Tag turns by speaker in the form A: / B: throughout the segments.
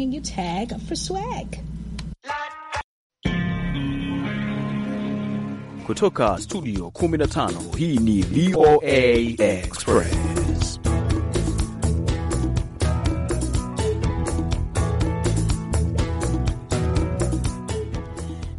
A: bringing you Tag for Swag.
B: Kutoka studio 15 hii ni VOA
C: Express.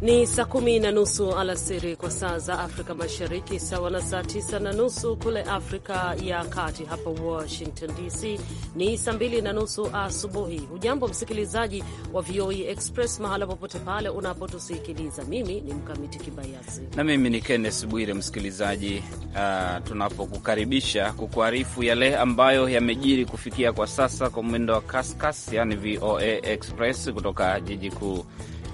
D: Ni saa kumi na nusu alasiri kwa saa za Afrika Mashariki, sawa na saa tisa na nusu kule Afrika ya Kati. Hapa Washington DC ni saa mbili na nusu asubuhi. Hujambo msikilizaji wa VOA e Express mahala popote pale unapotusikiliza. Mimi ni Mkamiti Kibayasi
E: na mimi ni Kennes Bwire. Msikilizaji, uh, tunapokukaribisha kukuarifu yale ambayo yamejiri kufikia kwa sasa kwa mwendo wa kaskas, yani VOA e Express kutoka jiji kuu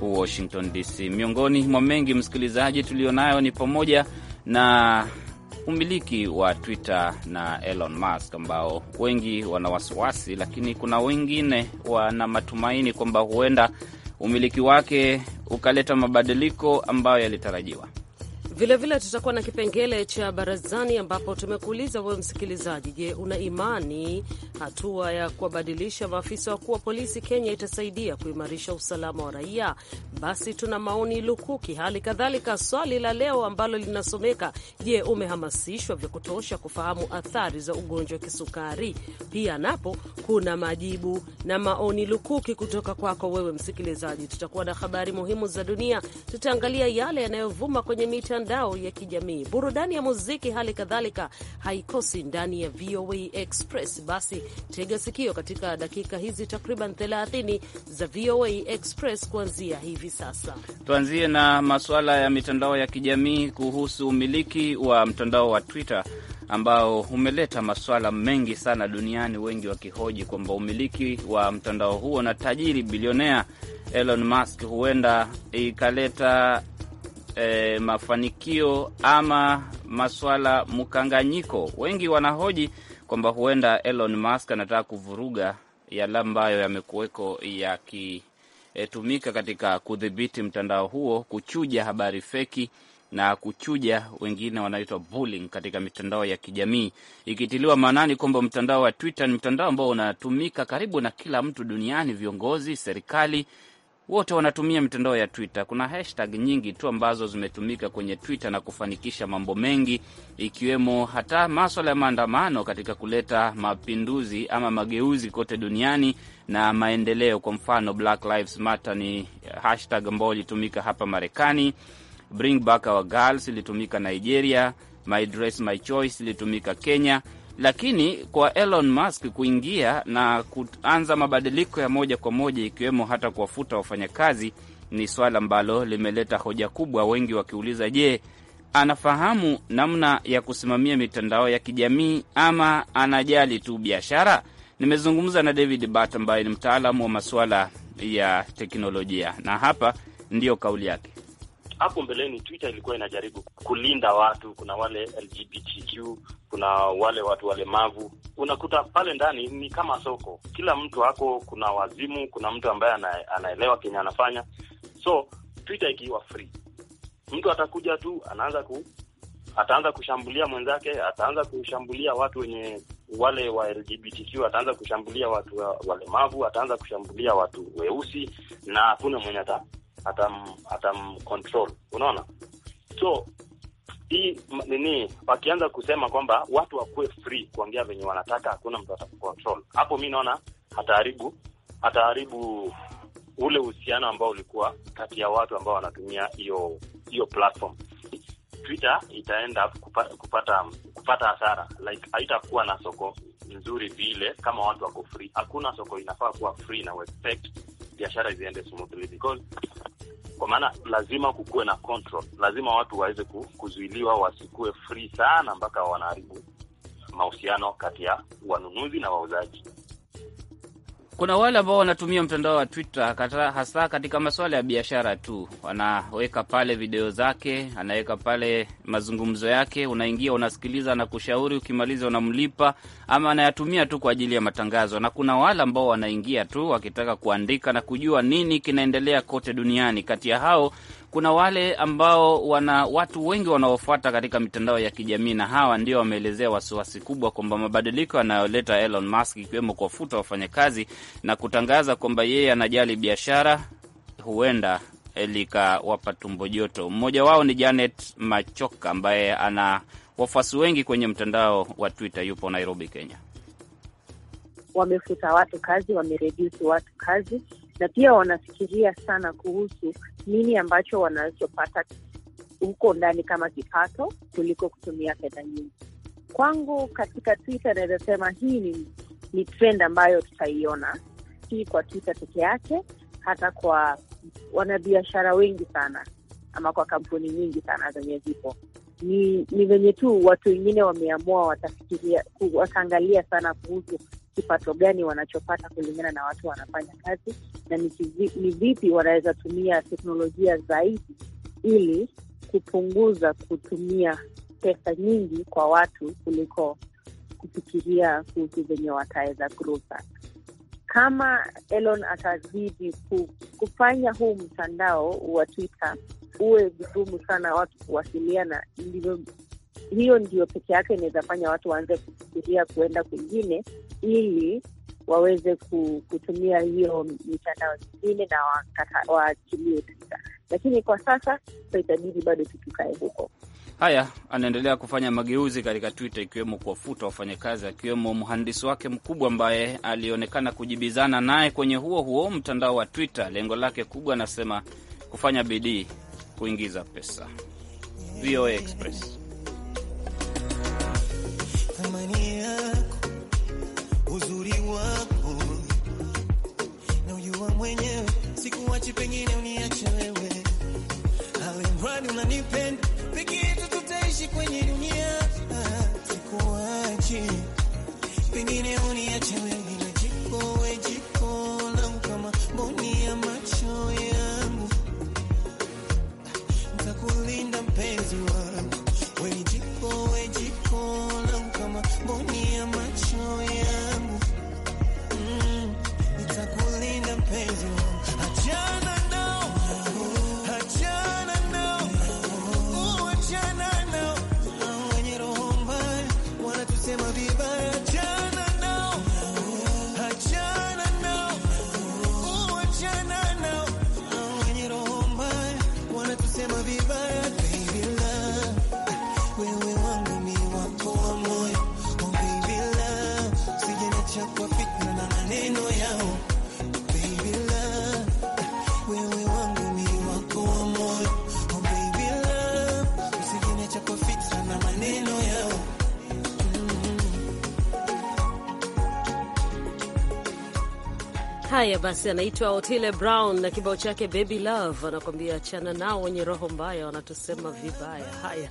E: Washington DC. Miongoni mwa mengi msikilizaji tulionayo ni pamoja na umiliki wa Twitter na Elon Musk ambao wengi wana wasiwasi, lakini kuna wengine wana matumaini kwamba huenda umiliki wake ukaleta mabadiliko ambayo yalitarajiwa.
D: Vilevile tutakuwa na kipengele cha barazani, ambapo tumekuuliza wewe msikilizaji, je, una imani hatua ya kuwabadilisha maafisa wakuu wa polisi Kenya itasaidia kuimarisha usalama wa raia? Basi tuna maoni lukuki. Hali kadhalika swali la leo ambalo linasomeka, je, umehamasishwa vya kutosha kufahamu athari za ugonjwa wa kisukari? Pia napo kuna majibu na maoni lukuki kutoka kwako wewe msikilizaji. Tutakuwa na habari muhimu za dunia, tutaangalia yale yanayovuma kwenye mita mitandao ya kijamii. Burudani ya muziki hali kadhalika haikosi ndani ya VOA Express. Basi tega sikio katika dakika hizi takriban 30 za VOA Express kuanzia hivi sasa.
E: Tuanzie na masuala ya mitandao ya kijamii kuhusu umiliki wa mtandao wa Twitter ambao umeleta masuala mengi sana duniani, wengi wakihoji kwamba umiliki wa mtandao huo na tajiri bilionea Elon Musk huenda ikaleta eh, mafanikio ama maswala mkanganyiko. Wengi wanahoji kwamba huenda Elon Musk anataka kuvuruga yale ambayo yamekuweko yakitumika katika kudhibiti mtandao huo, kuchuja habari feki na kuchuja wengine wanaitwa bullying katika mitandao ya kijamii, ikitiliwa maanani kwamba mtandao wa Twitter ni mtandao ambao unatumika karibu na kila mtu duniani, viongozi, serikali wote wanatumia mitandao ya Twitter. Kuna hashtag nyingi tu ambazo zimetumika kwenye Twitter na kufanikisha mambo mengi, ikiwemo hata maswala ya maandamano katika kuleta mapinduzi ama mageuzi kote duniani na maendeleo. Kwa mfano, Black Lives Matter ni hashtag ambayo ilitumika hapa Marekani. Bring back our girls ilitumika Nigeria. My dress my choice ilitumika Kenya lakini kwa Elon Musk kuingia na kuanza mabadiliko ya moja kwa moja, ikiwemo hata kuwafuta wafanyakazi, ni swala ambalo limeleta hoja kubwa, wengi wakiuliza, je, anafahamu namna ya kusimamia mitandao ya kijamii ama anajali tu biashara? Nimezungumza na David Bat ambaye ni mtaalamu wa masuala ya teknolojia na hapa ndiyo kauli yake
B: hapo mbeleni Twitter ilikuwa inajaribu kulinda watu, kuna wale LGBTQ, kuna wale watu walemavu. Unakuta pale ndani ni kama soko, kila mtu hako, kuna wazimu, kuna mtu ambaye ana, anaelewa kenye anafanya. So Twitter ikiwa free, mtu atakuja tu anaanza ku ataanza kushambulia mwenzake, ataanza kushambulia watu wenye wale wa LGBTQ, ataanza kushambulia watu walemavu, ataanza kushambulia watu weusi, na hakuna mwenye atam unaona. So hii nini, wakianza kusema kwamba watu wakuwe free kuongea venye wanataka, hakuna mtu atakucontrol hapo. Mi naona hataaribu hataharibu ule uhusiano ambao ulikuwa kati ya watu ambao wanatumia hiyo hiyo platform. Twitter itaenda kupata kupata, kupata hasara like haitakuwa na soko nzuri vile kama watu wako free. Hakuna soko inafaa kuwa free na expect biashara ziende smoothly because kwa maana lazima kukuwe na control, lazima watu waweze kuzuiliwa wasikuwe free sana mpaka wanaharibu mahusiano kati ya wanunuzi na wauzaji
E: kuna wale ambao wanatumia mtandao wa Twitter kata, hasa katika masuala ya biashara tu. wanaweka pale video zake, anaweka pale mazungumzo yake, unaingia unasikiliza na kushauri, ukimaliza unamlipa, ama anayatumia tu kwa ajili ya matangazo. Na kuna wale ambao wanaingia tu wakitaka kuandika na kujua nini kinaendelea kote duniani. Kati ya hao kuna wale ambao wana watu wengi wanaofuata katika mitandao ya kijamii, na hawa ndio wameelezea wasiwasi kubwa kwamba mabadiliko yanayoleta Elon Musk, ikiwemo kuwafuta wafanyakazi na kutangaza kwamba yeye anajali biashara, huenda likawapa tumbo joto. Mmoja wao ni Janet Machoka ambaye ana wafuasi wengi kwenye mtandao wa Twitter, yupo Nairobi, Kenya.
F: Wamefuta watu kazi, wamereduce watu kazi, na pia wanafikiria sana kuhusu nini ambacho wanachopata huko ndani kama kipato kuliko kutumia fedha nyingi. Kwangu katika Twitter naweza sema hii ni, ni trend ambayo tutaiona, si kwa Twitter peke yake, hata kwa wanabiashara wengi sana ama kwa kampuni nyingi sana zenye zipo ni ni venye tu watu wengine wameamua watafikiria wataangalia sana kuhusu kipato gani wanachopata kulingana na watu wanafanya kazi, na ni vipi wanaweza tumia teknolojia zaidi ili kupunguza kutumia pesa nyingi kwa watu kuliko kufikiria kuhusu venye wataweza grow Kama Elon atazidi kufanya huu mtandao wa Twitter uwe vigumu sana watu kuwasiliana, ndivyo hiyo ndio peke yake inaweza fanya watu waanze kufikiria kuenda kwingine ili waweze kutumia hiyo mitandao mingine na waachilie Twitter, lakini kwa sasa so itabidi bado tutukae huko.
E: Haya, anaendelea kufanya mageuzi katika Twitter ikiwemo kuwafuta wafanyakazi, akiwemo mhandisi wake mkubwa ambaye alionekana kujibizana naye kwenye huo huo mtandao wa Twitter. Lengo lake kubwa, anasema kufanya bidii kuingiza pesa. VOA Express.
G: sauti, pengine uniache wewe, alimradi unanipenda, peke tutaishi kwenye dunia, ah, sikuwachi, pengine uniache wewe kulinda mpenzi wangu, we jiko we jiko
D: Haya basi, anaitwa Otile Brown na kibao chake Baby Love, anakuambia achana nao, wenye roho mbaya wanatusema vibaya. Haya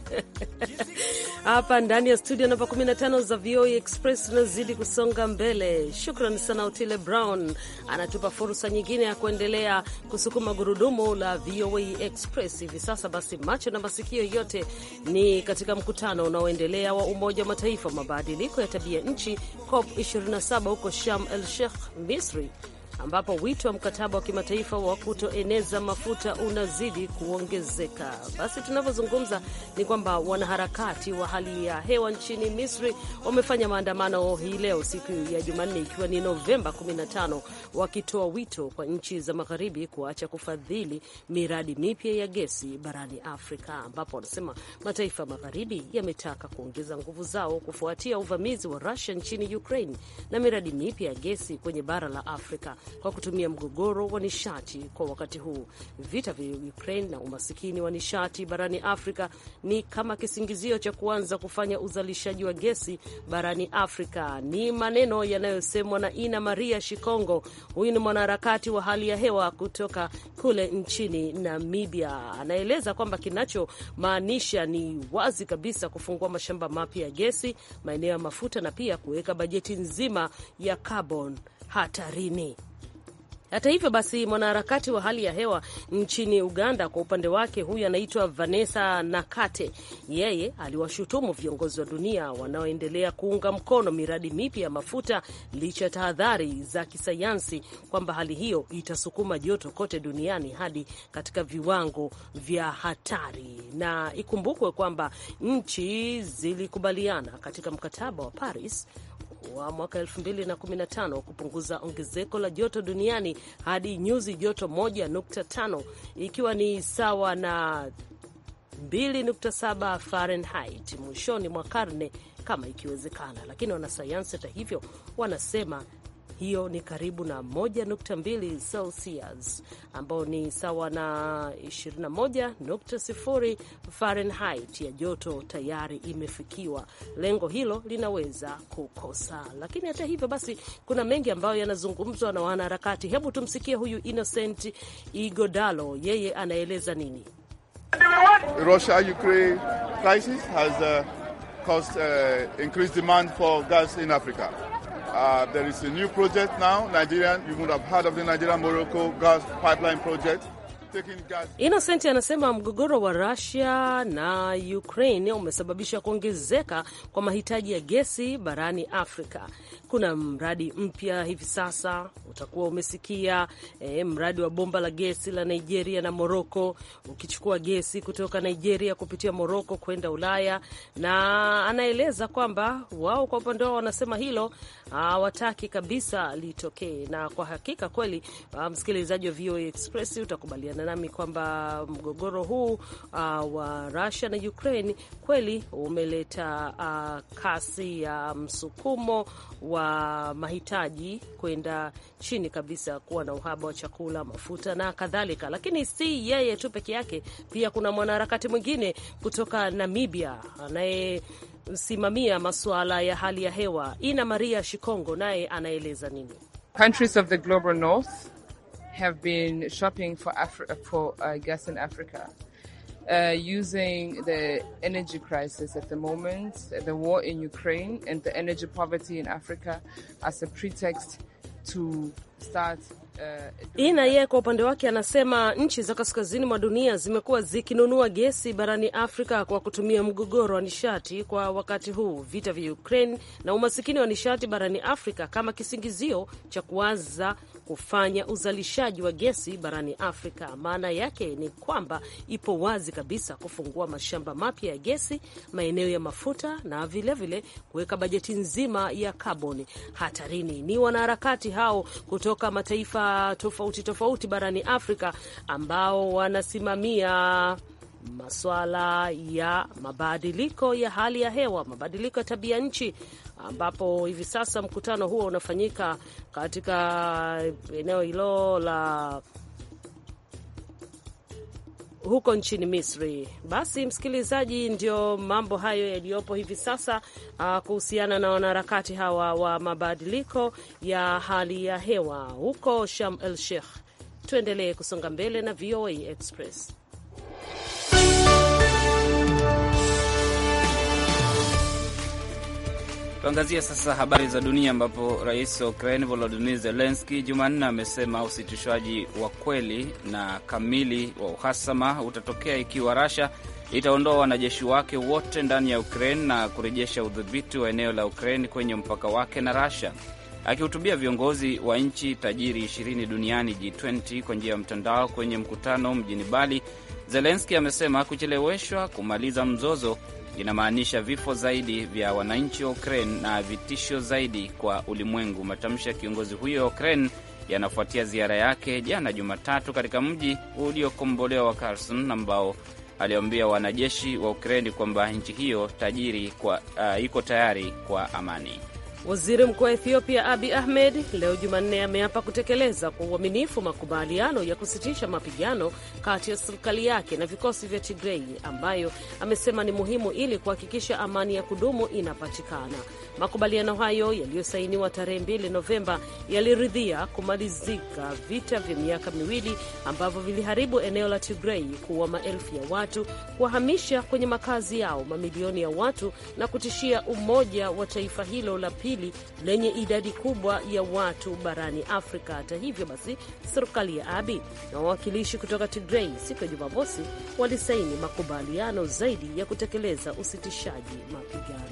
D: hapa ndani ya studio namba 15 za VOA e Express tunazidi kusonga mbele. Shukran sana Otile Brown, anatupa fursa nyingine ya kuendelea kusukuma gurudumu la VOA e Express hivi sasa. Basi macho na masikio yote ni katika mkutano unaoendelea wa Umoja wa Mataifa mabadiliko ya tabia nchi COP 27 huko Sharm el Sheikh, Misri ambapo wito wa mkataba wa kimataifa wa kutoeneza mafuta unazidi kuongezeka. Basi tunavyozungumza ni kwamba wanaharakati wa hali ya hewa nchini Misri wamefanya maandamano hii leo siku ya Jumanne, ikiwa ni Novemba 15, wakitoa wito kwa nchi za magharibi kuacha kufadhili miradi mipya ya gesi barani Afrika, ambapo wanasema mataifa magharibi yametaka kuongeza nguvu zao kufuatia uvamizi wa Rusia nchini Ukraine na miradi mipya ya gesi kwenye bara la Afrika kwa kutumia mgogoro wa nishati kwa wakati huu. Vita vya Ukraine na umasikini wa nishati barani Afrika ni kama kisingizio cha kuanza kufanya uzalishaji wa gesi barani Afrika. Ni maneno yanayosemwa na Ina Maria Shikongo. Huyu ni mwanaharakati wa hali ya hewa kutoka kule nchini Namibia. Anaeleza kwamba kinachomaanisha ni wazi kabisa kufungua mashamba mapya ya gesi, maeneo ya mafuta na pia kuweka bajeti nzima ya carbon hatarini. Hata hivyo basi, mwanaharakati wa hali ya hewa nchini Uganda kwa upande wake, huyu anaitwa Vanessa Nakate, yeye aliwashutumu viongozi wa dunia wanaoendelea kuunga mkono miradi mipya ya mafuta licha ya tahadhari za kisayansi kwamba hali hiyo itasukuma joto kote duniani hadi katika viwango vya hatari. Na ikumbukwe kwamba nchi zilikubaliana katika mkataba wa Paris wa mwaka 2015 kupunguza ongezeko la joto duniani hadi nyuzi joto 1.5 ikiwa ni sawa na 2.7 Fahrenheit mwishoni mwa karne kama ikiwezekana. Lakini wanasayansi hata hivyo wanasema hiyo ni karibu na 1.2 Celsius ambao ni sawa na 21.0 Fahrenheit ya joto tayari imefikiwa. Lengo hilo linaweza kukosa, lakini hata hivyo basi kuna mengi ambayo yanazungumzwa na wanaharakati. Hebu tumsikie huyu Innocent Igodalo, yeye anaeleza nini.
E: Russia Ukraine crisis has uh, caused uh, increased demand for gas in Africa. Uh, there is a new project now, Nigerian, you would have heard of the Nigerian Morocco gas pipeline project.
D: Innocent anasema mgogoro wa Russia na Ukraine umesababisha kuongezeka kwa mahitaji ya gesi barani Afrika kuna mradi mpya hivi sasa utakuwa umesikia e, mradi wa bomba la gesi la Nigeria na Moroko, ukichukua gesi kutoka Nigeria kupitia Moroko kwenda Ulaya, na anaeleza kwamba wao kwa upande wao wanasema hilo hawataki kabisa litokee. Na kwa hakika kweli, ah, msikilizaji wa VOA Express utakubaliana nami kwamba mgogoro huu a, ah, wa Russia na Ukraine kweli umeleta a, ah, kasi ya msukumo wa wa mahitaji kwenda chini kabisa, kuwa na uhaba wa chakula, mafuta na kadhalika. Lakini si yeye tu peke yake, pia kuna mwanaharakati mwingine kutoka Namibia anayesimamia masuala ya hali ya hewa, Ina Maria Shikongo, naye anaeleza nini. Countries of the global north have been shopping for Afri for, uh, gas in Africa uh, using
E: the energy crisis at the moment, the war in Ukraine, and the energy poverty
D: in Africa as a pretext to start Uh, Ina yeye kwa upande wake anasema nchi za kaskazini mwa dunia zimekuwa zikinunua gesi barani Afrika kwa kutumia mgogoro wa nishati kwa wakati huu, vita vya Ukraine na umasikini wa nishati barani Afrika kama kisingizio cha kuanza kufanya uzalishaji wa gesi barani Afrika. Maana yake ni kwamba ipo wazi kabisa kufungua mashamba mapya ya gesi, maeneo ya mafuta na vilevile kuweka bajeti nzima ya kaboni hatarini. Ni wanaharakati hao kutoka mataifa tofauti tofauti barani Afrika ambao wanasimamia maswala ya mabadiliko ya hali ya hewa, mabadiliko ya tabia nchi, ambapo hivi sasa mkutano huo unafanyika katika eneo hilo la huko nchini Misri. Basi msikilizaji, ndio mambo hayo yaliyopo hivi sasa uh, kuhusiana na wanaharakati hawa wa mabadiliko ya hali ya hewa huko Sharm el Sheikh. Tuendelee kusonga mbele na VOA Express.
E: Tuangazie sasa habari za dunia, ambapo rais wa ukrain volodimir Zelenski Jumanne amesema usitishwaji wa kweli na kamili wa uhasama utatokea ikiwa Rasha itaondoa wanajeshi wake wote ndani ya Ukraine na kurejesha udhibiti wa eneo la Ukraine kwenye mpaka wake na Rasha. Akihutubia viongozi wa nchi tajiri 20 duniani G20 kwa njia ya mtandao kwenye mkutano mjini Bali, Zelenski amesema kucheleweshwa kumaliza mzozo inamaanisha vifo zaidi vya wananchi wa Ukraine na vitisho zaidi kwa ulimwengu. Matamshi ya kiongozi huyo wa Ukraine yanafuatia ziara yake jana Jumatatu katika mji uliokombolewa wa Kherson ambao aliambia wanajeshi wa Ukraini kwamba nchi hiyo tajiri kwa, uh, iko tayari kwa amani.
D: Waziri Mkuu wa Ethiopia Abi Ahmed leo Jumanne ameapa kutekeleza kwa uaminifu makubaliano ya kusitisha mapigano kati ya serikali yake na vikosi vya Tigrei ambayo amesema ni muhimu ili kuhakikisha amani ya kudumu inapatikana. Makubaliano hayo yaliyosainiwa tarehe 2 Novemba yaliridhia kumalizika vita vya miaka miwili ambavyo viliharibu eneo la Tigrei, kuwa maelfu ya watu, kuwahamisha kwenye makazi yao mamilioni ya watu na kutishia umoja wa taifa hilo la pili pili lenye idadi kubwa ya watu barani Afrika. Hata hivyo basi, serikali ya Abi na wawakilishi kutoka Tigrei siku ya Jumamosi walisaini makubaliano zaidi ya kutekeleza usitishaji mapigano.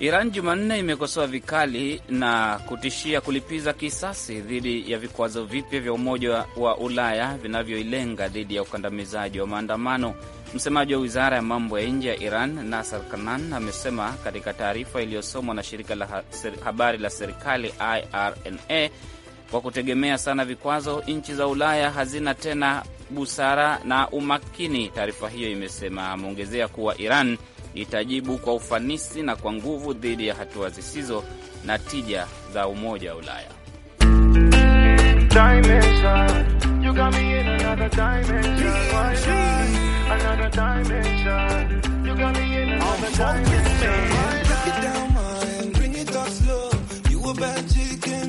E: Iran Jumanne imekosoa vikali na kutishia kulipiza kisasi dhidi ya vikwazo vipya vya Umoja wa Ulaya vinavyoilenga dhidi ya ukandamizaji wa maandamano Msemaji wa wizara ya mambo ya nje ya Iran, Nasar Kanan, amesema katika taarifa iliyosomwa na shirika la habari la serikali IRNA, kwa kutegemea sana vikwazo, nchi za Ulaya hazina tena busara na umakini, taarifa hiyo imesema. Ameongezea kuwa Iran itajibu kwa ufanisi na kwa nguvu dhidi ya hatua zisizo na tija za Umoja wa Ulaya.
C: Dimension, you got me in another dimension. You got me in another dimension. Break it down, man. Bring it up slow. You a bad chicken.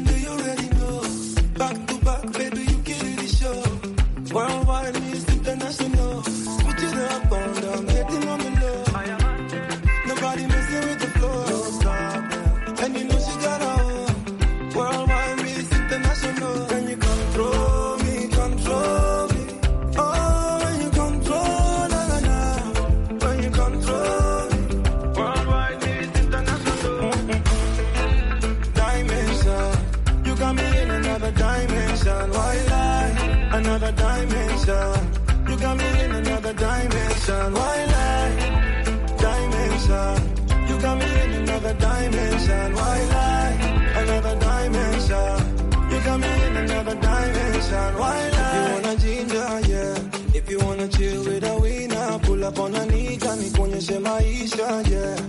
C: kila kona nikuonyeshe maisha, yeah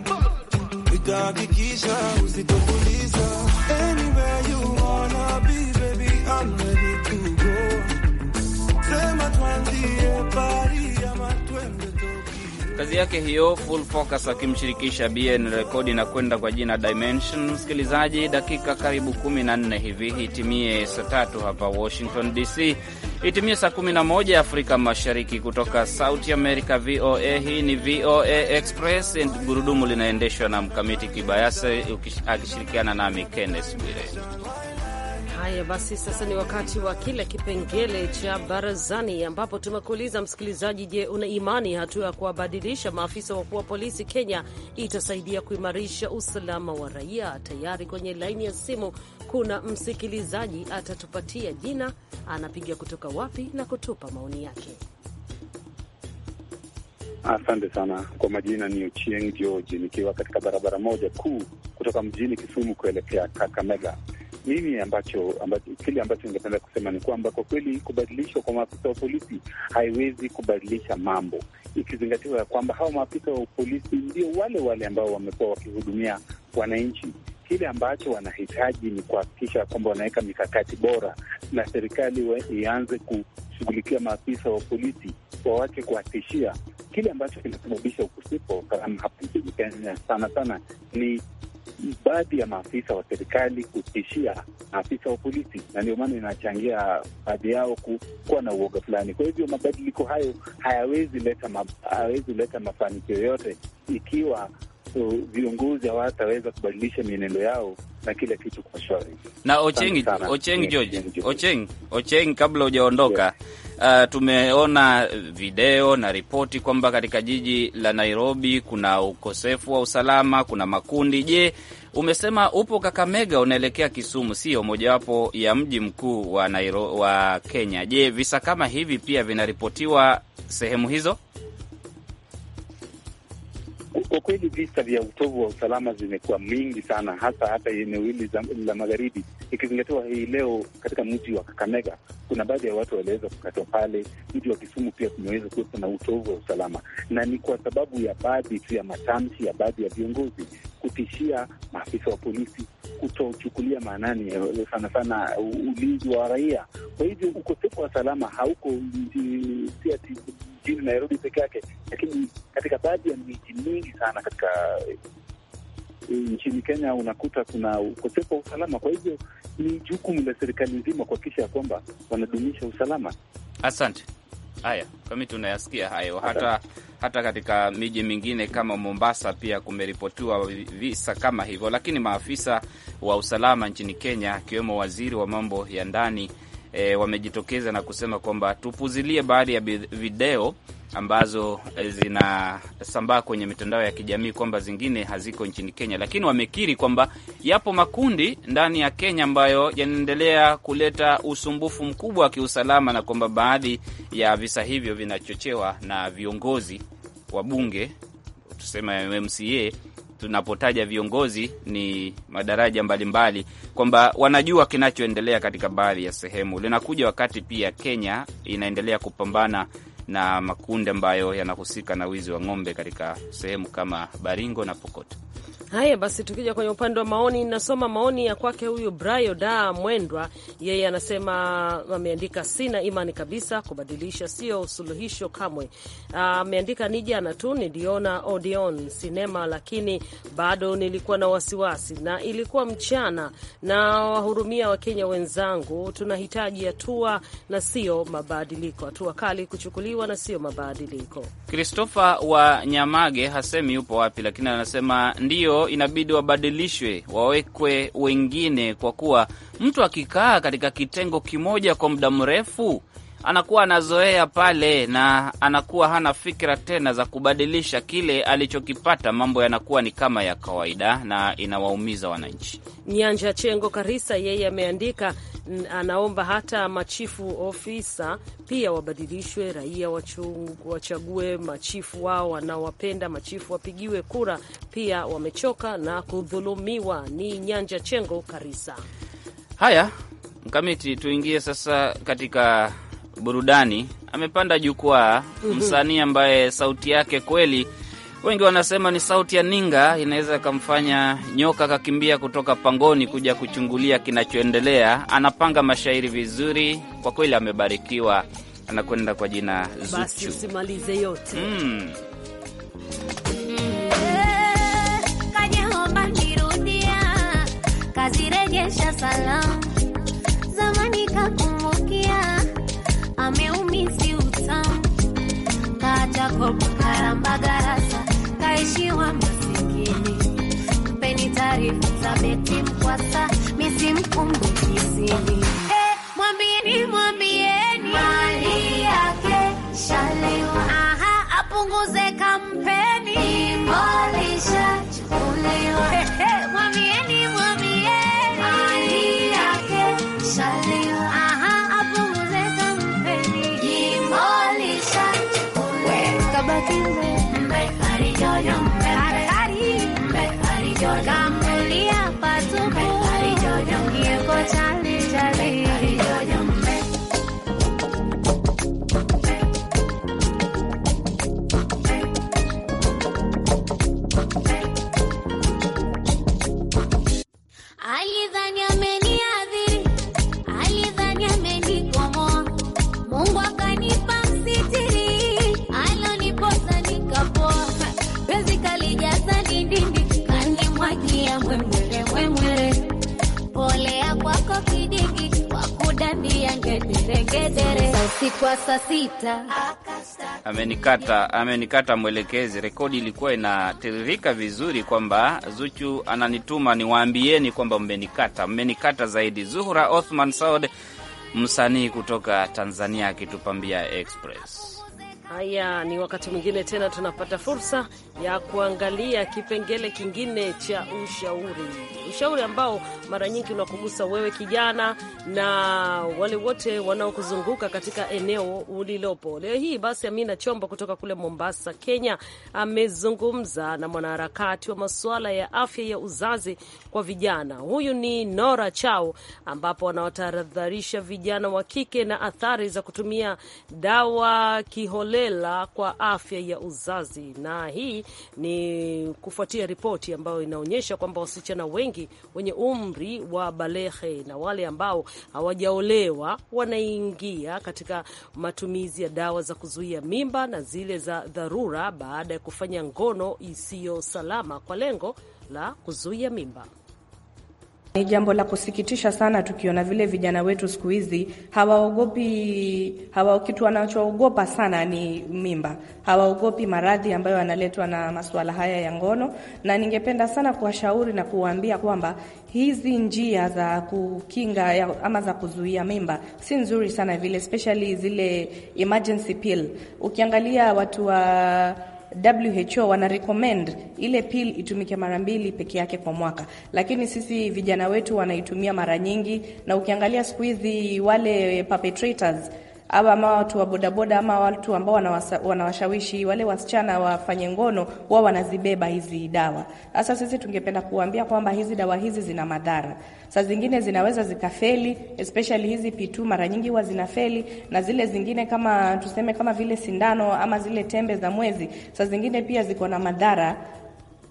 C: nitahakikisha usitokuliza anyway. Yaani
E: kazi yake hiyo Full Focus akimshirikisha BN rekodi na kwenda kwa jina Dimension. Msikilizaji, dakika karibu 14 hivi hitimie saa tatu hapa Washington DC, hitimie saa 11 Afrika Mashariki. Kutoka Sauti America VOA, hii ni VOA Express, gurudumu linaendeshwa na Mkamiti Kibayasi akishirikiana nami Kenneth Bwire.
D: Haya basi, sasa ni wakati wa kile kipengele cha barazani, ambapo tumekuuliza msikilizaji, je, una imani hatua ya kuwabadilisha maafisa wakuu wa polisi Kenya itasaidia kuimarisha usalama wa raia? Tayari kwenye laini ya simu kuna msikilizaji atatupatia jina, anapiga kutoka wapi na kutupa maoni yake.
H: Asante sana kwa majina, ni Uchieng George, nikiwa katika barabara moja kuu kutoka mjini Kisumu kuelekea Kakamega mimi ambacho, ambacho kile ambacho ningependa kusema ni kwamba kwa kweli kubadilishwa kwa maafisa wa polisi haiwezi kubadilisha mambo, ikizingatiwa ya kwamba hawa maafisa wa polisi ndio wale wale ambao wamekuwa wakihudumia wananchi. Kile ambacho wanahitaji ni kuhakikisha kwamba wanaweka mikakati bora, na serikali ianze kushughulikia maafisa wa polisi, wawache kuwatishia. Kile ambacho kinasababisha ukosefu wa usalama hapa nchini Kenya sana sana ni baadhi ya maafisa wa serikali kutishia maafisa wa polisi, na ndio maana inachangia baadhi yao kuwa na uoga fulani. Kwa hivyo mabadiliko hayo hayawezi leta ma, hayawezi leta mafanikio yote ikiwa uh, viongozi hawataweza kubadilisha mienendo yao na kila kitu kwa
E: shwari. Na Ocheng, Ocheng George, Ocheng, Ocheng, kabla hujaondoka yeah uh, tumeona video na ripoti kwamba katika jiji la Nairobi kuna ukosefu wa usalama, kuna makundi. Je, umesema upo Kakamega unaelekea Kisumu, sio mojawapo ya mji mkuu wa Nairobi, wa Kenya. Je, visa kama hivi pia vinaripotiwa sehemu hizo?
H: Kwa kweli visa vya utovu wa usalama zimekuwa mingi sana, hasa hata eneo hili la magharibi, ikizingatiwa hii leo katika mji wa Kakamega kuna baadhi ya watu waliweza kukatwa pale. Mji wa Kisumu pia kumeweza kuwepo na utovu wa usalama, na ni kwa sababu ya baadhi tu ya matamshi ya baadhi ya viongozi kutishia maafisa wa polisi kutochukulia maanani eh, sana sana ulinzi wa raia. Kwa hivyo ukosefu wa salama hauko mjini Nairobi peke yake, lakini katika baadhi ya miji mingi sana katika eh, nchini Kenya unakuta kuna ukosefu wa usalama. Kwa hivyo ni jukumu la serikali nzima kuhakikisha ya kwamba wanadumisha usalama.
E: Asante. Haya, kami tunayasikia hayo hata hata katika miji mingine kama Mombasa pia kumeripotiwa visa kama hivyo, lakini maafisa wa usalama nchini Kenya akiwemo waziri wa mambo ya ndani e, wamejitokeza na kusema kwamba tupuzilie baadhi ya video ambazo e, zinasambaa kwenye mitandao ya kijamii kwamba zingine haziko nchini Kenya, lakini wamekiri kwamba yapo makundi ndani ya Kenya ambayo yanaendelea kuleta usumbufu mkubwa wa kiusalama na kwamba baadhi ya visa hivyo vinachochewa na viongozi wa bunge tuseme MCA tunapotaja viongozi ni madaraja mbalimbali, kwamba wanajua kinachoendelea katika baadhi ya sehemu. Linakuja wakati pia Kenya inaendelea kupambana na makundi ambayo yanahusika na wizi wa ng'ombe katika sehemu kama Baringo na Pokot.
D: Haya basi, tukija kwenye upande wa maoni, nasoma maoni ya kwake huyu Brayo Da Mwendwa. Yeye anasema ameandika, sina imani kabisa, kubadilisha sio suluhisho kamwe. Ah, ameandika, ni jana tu niliona Odeon sinema, lakini bado nilikuwa na wasiwasi na ilikuwa mchana, na wahurumia Wakenya wenzangu, tunahitaji hatua na sio mabadiliko, hatua kali kuchukuliwa na sio mabadiliko.
E: Christopher wa Nyamage hasemi yupo wapi, lakini anasema ndio inabidi wabadilishwe, wawekwe wengine, kwa kuwa mtu akikaa katika kitengo kimoja kwa muda mrefu anakuwa anazoea pale na anakuwa hana fikira tena za kubadilisha kile alichokipata. Mambo yanakuwa ni kama ya kawaida na inawaumiza wananchi.
D: Nyanja Chengo Karisa yeye ameandika, anaomba hata machifu ofisa pia wabadilishwe, raia wachungu, wachague machifu wao wanaowapenda, machifu wapigiwe kura, pia wamechoka na kudhulumiwa. Ni Nyanja Chengo Karisa.
E: Haya, Mkamiti, tuingie sasa katika burudani amepanda jukwaa mm -hmm. Msanii ambaye sauti yake kweli wengi wanasema ni sauti ya ninga, inaweza ikamfanya nyoka akakimbia kutoka pangoni kuja kuchungulia kinachoendelea. Anapanga mashairi vizuri, kwa kweli amebarikiwa. Anakwenda kwa jina Zuchu. Basi
D: usimalize yote mm.
I: Eh, Kanyeomba nirudia kazirejesha salama mwandishi masikini, mpeni taarifa za Beti Mkwasa, misi mkumbuki sini
E: amenikata, amenikata mwelekezi. Rekodi ilikuwa inatiririka vizuri kwamba Zuchu ananituma niwaambieni kwamba mmenikata, mmenikata zaidi. Zuhura Othman Saud, msanii kutoka Tanzania, akitupambia Express.
D: Haya, ni wakati mwingine tena tunapata fursa ya kuangalia kipengele kingine cha ushauri ushauri ambao mara nyingi unakugusa wewe kijana na wale wote wanaokuzunguka katika eneo ulilopo leo hii. Basi Amina Chombo kutoka kule Mombasa, Kenya, amezungumza na mwanaharakati wa masuala ya afya ya uzazi kwa vijana. Huyu ni Nora Chao, ambapo anawatahadharisha vijana wa kike na athari za kutumia dawa kiholela kwa afya ya uzazi, na hii ni kufuatia ripoti ambayo inaonyesha kwamba wasichana wengi wengi wenye umri wa balehe na wale ambao hawajaolewa wanaingia katika matumizi ya dawa za kuzuia mimba na zile za dharura baada ya kufanya ngono isiyo salama kwa lengo la kuzuia mimba.
A: Ni jambo la kusikitisha sana tukiona vile vijana wetu siku hizi hawaogopi hawa, kitu wanachoogopa sana ni mimba, hawaogopi maradhi ambayo yanaletwa na masuala haya ya ngono, na ningependa sana kuwashauri na kuwaambia kwamba hizi njia za kukinga ya, ama za kuzuia mimba si nzuri sana vile, especially zile emergency pill. Ukiangalia watu wa WHO wana recommend ile pill itumike mara mbili peke yake kwa mwaka, lakini sisi vijana wetu wanaitumia mara nyingi, na ukiangalia siku hizi wale perpetrators au ama watu wa bodaboda ama watu ambao wanawashawishi wale wasichana wafanye ngono, wao wanazibeba hizi dawa. Sasa sisi tungependa kuambia kwamba hizi dawa hizi zina madhara, saa zingine zinaweza zikafeli, especially hizi P2 mara nyingi huwa zinafeli, na zile zingine kama tuseme kama vile sindano ama zile tembe za mwezi, saa zingine pia ziko na madhara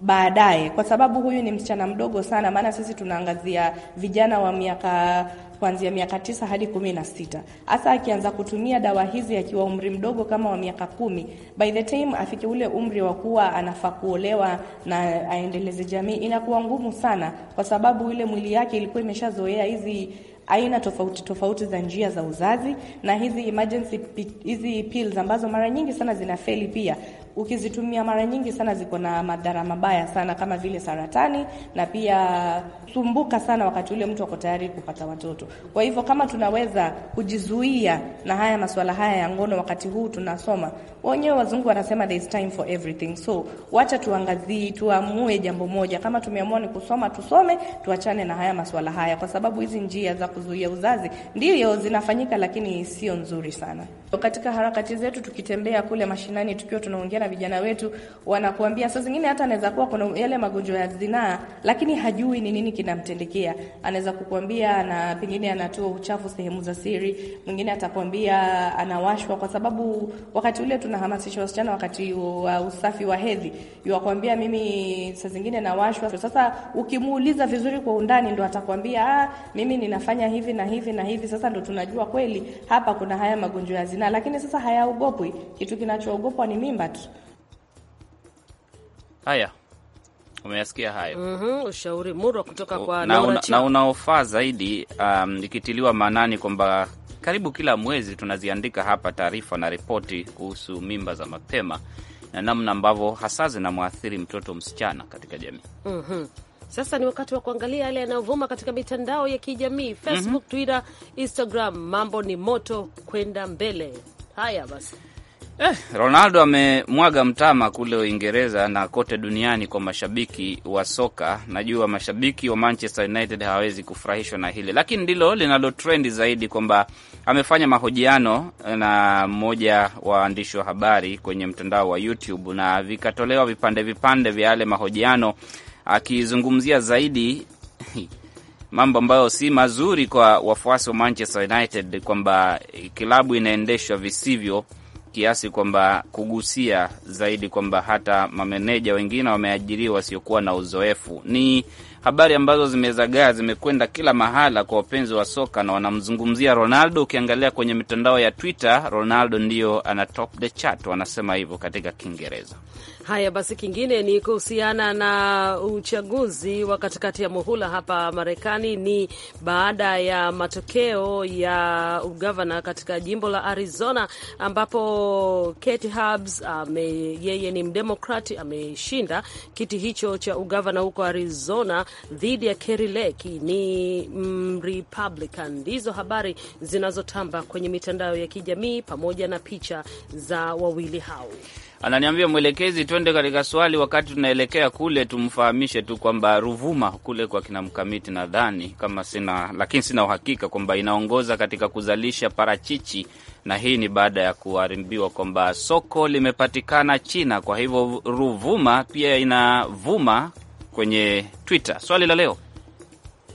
A: baadaye, kwa sababu huyu ni msichana mdogo sana, maana sisi tunaangazia vijana wa miaka kuanzia miaka tisa hadi kumi na sita. Hasa akianza kutumia dawa hizi akiwa umri mdogo kama wa miaka kumi, by the time afike ule umri wa kuwa anafaa kuolewa na aendeleze jamii, inakuwa ngumu sana, kwa sababu ile mwili yake ilikuwa imeshazoea hizi aina tofauti tofauti za njia za uzazi na hizi emergency hizi pills ambazo mara nyingi sana zinafeli pia ukizitumia mara nyingi sana ziko na madhara mabaya sana kama vile saratani na pia sumbuka sana wakati ule mtu ako tayari kupata watoto. Kwa hivyo kama tunaweza kujizuia na haya masuala haya ya ngono wakati huu tunasoma, wenyewe wazungu wanasema there is time for everything. So wacha tuangazie, tuamue jambo moja. Kama tumeamua ni kusoma, tusome, tuachane na haya masuala haya, kwa sababu hizi njia za kuzuia uzazi ndiyo zinafanyika, lakini sio nzuri sana. Katika harakati zetu tukitembea kule mashinani, tukiwa tunaongea na vijana wetu wanakuambia, saa zingine hata anaweza kuwa kuna yale magonjwa ya zinaa, lakini hajui ni nini kinamtendekea. Anaweza kukuambia na pengine anatoa uchafu sehemu za siri, mwingine atakwambia anawashwa, kwa sababu wakati ule tunahamasisha wasichana wakati wa usafi wa hedhi, yuwakwambia mimi saa zingine nawashwa. Sasa ukimuuliza vizuri kwa undani, ndo atakwambia ah, mimi ninafanya hivi na hivi na hivi. Sasa ndo tunajua kweli hapa kuna haya magonjwa ya zinaa, lakini sasa hayaogopwi. Kitu kinachoogopwa ni mimba tu.
E: Haya, umeyasikia
D: hayo. mm -hmm, ushauri murwa kutoka
E: kwa na unaofaa zaidi, um, ikitiliwa maanani kwamba karibu kila mwezi tunaziandika hapa taarifa na ripoti kuhusu mimba za mapema na namna ambavyo hasa zinamwathiri mtoto msichana katika jamii.
D: mm -hmm. Sasa ni wakati wa kuangalia yale yanayovuma katika mitandao ya kijamii Facebook, mm -hmm. Twitter, Instagram. Mambo ni moto kwenda mbele. Haya basi. Eh,
E: Ronaldo amemwaga mtama kule Uingereza na kote duniani kwa mashabiki wa soka. Najua mashabiki wa Manchester United hawawezi kufurahishwa na hili, lakini ndilo linalo trendi zaidi, kwamba amefanya mahojiano eh, na mmoja wa waandishi wa habari kwenye mtandao wa YouTube na vikatolewa vipande vipande vya yale mahojiano, akizungumzia zaidi mambo ambayo si mazuri kwa wafuasi wa Manchester United, kwamba eh, kilabu inaendeshwa visivyo kiasi kwamba kugusia zaidi kwamba hata mameneja wengine wameajiriwa wasiokuwa na uzoefu. Ni habari ambazo zimezagaa, zimekwenda kila mahala kwa wapenzi wa soka na wanamzungumzia Ronaldo. Ukiangalia kwenye mitandao ya Twitter, Ronaldo ndiyo ana top the chart, wanasema hivyo katika Kiingereza.
D: Haya basi, kingine ni kuhusiana na uchaguzi wa katikati ya muhula hapa Marekani. Ni baada ya matokeo ya ugavana katika jimbo la Arizona, ambapo kt Hobbs ame, yeye ni mdemokrati, ameshinda kiti hicho cha ugavana huko Arizona dhidi ya kery Lake ni mrepublican. Mm, Ndizo habari zinazotamba kwenye mitandao ya kijamii pamoja na picha za wawili hao
E: ananiambia mwelekezi, twende katika swali. Wakati tunaelekea kule, tumfahamishe tu kwamba Ruvuma kule kwa kina Mkamiti, nadhani kama sina, lakini sina uhakika kwamba inaongoza katika kuzalisha parachichi, na hii ni baada ya kuharibiwa kwamba soko limepatikana China. Kwa hivyo Ruvuma pia inavuma kwenye Twitter. Swali la leo,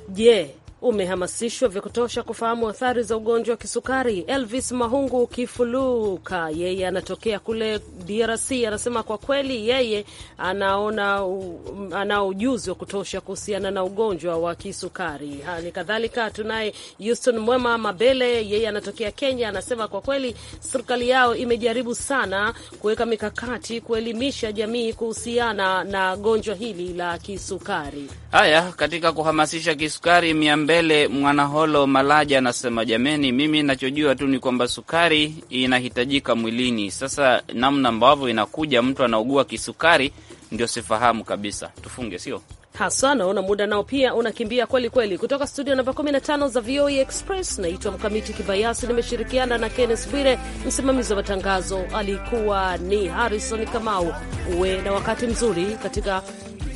D: je, yeah umehamasishwa vya kutosha kufahamu athari za ugonjwa wa kisukari. Elvis Mahungu Kifuluka, yeye anatokea kule DRC, anasema kwa kweli yeye anaona ana ujuzi wa kutosha kuhusiana na ugonjwa wa kisukari. Hali kadhalika tunaye Houston Mwema Mabele, yeye anatokea Kenya, anasema kwa kweli serikali yao imejaribu sana kuweka mikakati kuelimisha jamii kuhusiana na gonjwa hili la kisukari.
E: Haya, katika kuhamasisha kisukari miam mbele, Mwanaholo Malaja anasema jameni, mimi nachojua tu ni kwamba sukari inahitajika mwilini. Sasa namna ambavyo inakuja mtu anaugua kisukari ndio sifahamu kabisa. Tufunge, sio
D: haswa. Naona muda nao pia unakimbia kweli kweli. Kutoka studio namba 15 za VOA e Express, naitwa Mkamiti Kibayasi, nimeshirikiana na Kennes Bwire. Msimamizi wa matangazo alikuwa ni Harrison Kamau. Uwe na wakati mzuri katika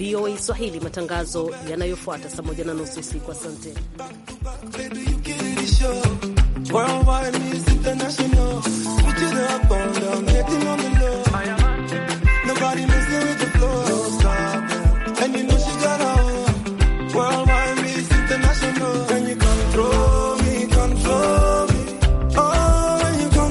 D: VOA Swahili. Matangazo yanayofuata saa moja na nusu usiku. Asante.